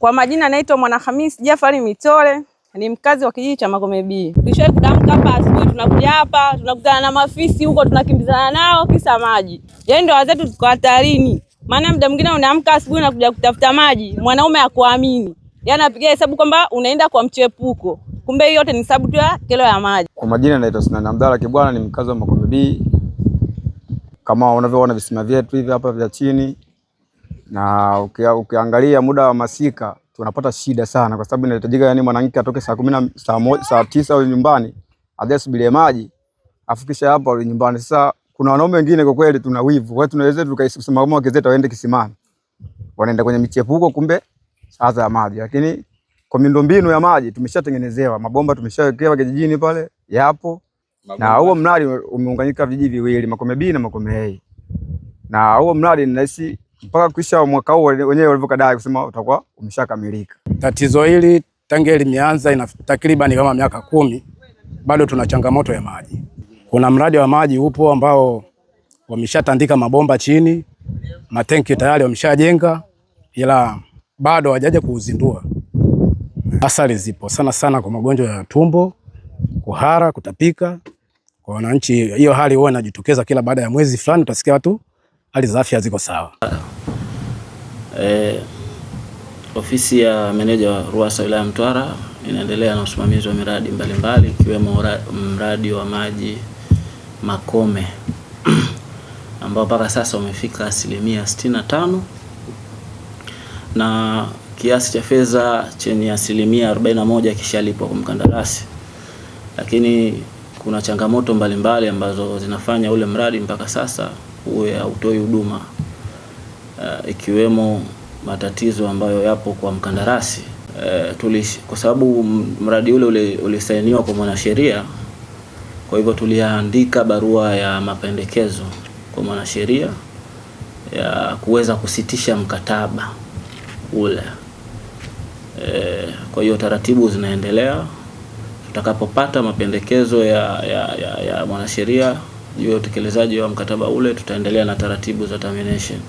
Kwa majina naitwa Mwanahamisi Jafari Mitole, ni mkazi wa kijiji cha Magome B. Tulishawahi kudamka hapa asubuhi, tunakuja hapa tunakutana na mafisi huko, tunakimbizana nao kisa maji. Yaani ndoa zetu tuko hatarini, maana muda mwingine unaamka asubuhi na kuja kutafuta maji, mwanaume akuamini, yaani anapiga hesabu kwamba unaenda kwa mchepuko, kumbe hiyo yote ni sababu tu ya kelo ya maji. Kwa majina naitwa Sinanda Mdala Kibwana, ni mkazi wa Magome B. Kama unavyoona visima vyetu hivi hapa vya chini na ukiangalia muda wa masika tunapata shida sana, kwa sababu inahitajika yani mwanamke atoke saa kumi na saa tisa au nyumbani aje subirie maji afikisha hapo au nyumbani. Sasa kuna wanaume wengine kwa kweli tuna wivu, kwa hiyo tunaweza tukasema kama wake zetu waende kisimani, wanaenda kwenye michepuko, kumbe sasa ya maji. Lakini kwa miundombinu ya maji tumeshatengenezewa mabomba, tumeshawekewa kijijini pale yapo mabomba. Na huo mradi umeunganyika vijiji viwili Makome B na Makome A, na huo mradi ninahisi mpaka kuisha mwaka huo wenyewe walivyokadai kusema utakuwa umeshakamilika. Tatizo hili tangia limeanza ina takriban kama miaka kumi, bado tuna changamoto ya maji. Kuna mradi wa maji upo ambao wameshatandika mabomba chini, matenki tayari wameshajenga, ila bado hawajaja kuuzindua. Athari zipo sana sana kwa magonjwa ya tumbo, kuhara, kutapika kwa wananchi. Hiyo hali huwa inajitokeza kila baada ya mwezi fulani, utasikia watu hali za afya ziko sawa. Eh, ofisi ya meneja wa RUWASA wilaya Mtwara inaendelea na usimamizi wa miradi mbalimbali ikiwemo mradi wa maji Makome ambao mpaka sasa umefika asilimia 65 na kiasi cha fedha chenye asilimia 41 kishalipwa kwa mkandarasi, lakini kuna changamoto mbalimbali mbali ambazo zinafanya ule mradi mpaka sasa uwe hautoi huduma uh, ikiwemo matatizo ambayo yapo kwa mkandarasi uh, kwa sababu mradi ule ulisainiwa kwa mwanasheria, kwa hivyo tuliandika barua ya mapendekezo kwa mwanasheria ya kuweza kusitisha mkataba ule. E, kwa hiyo taratibu zinaendelea. Tutakapopata mapendekezo ya, ya, ya, ya mwanasheria juu ya utekelezaji wa mkataba ule, tutaendelea na taratibu za termination.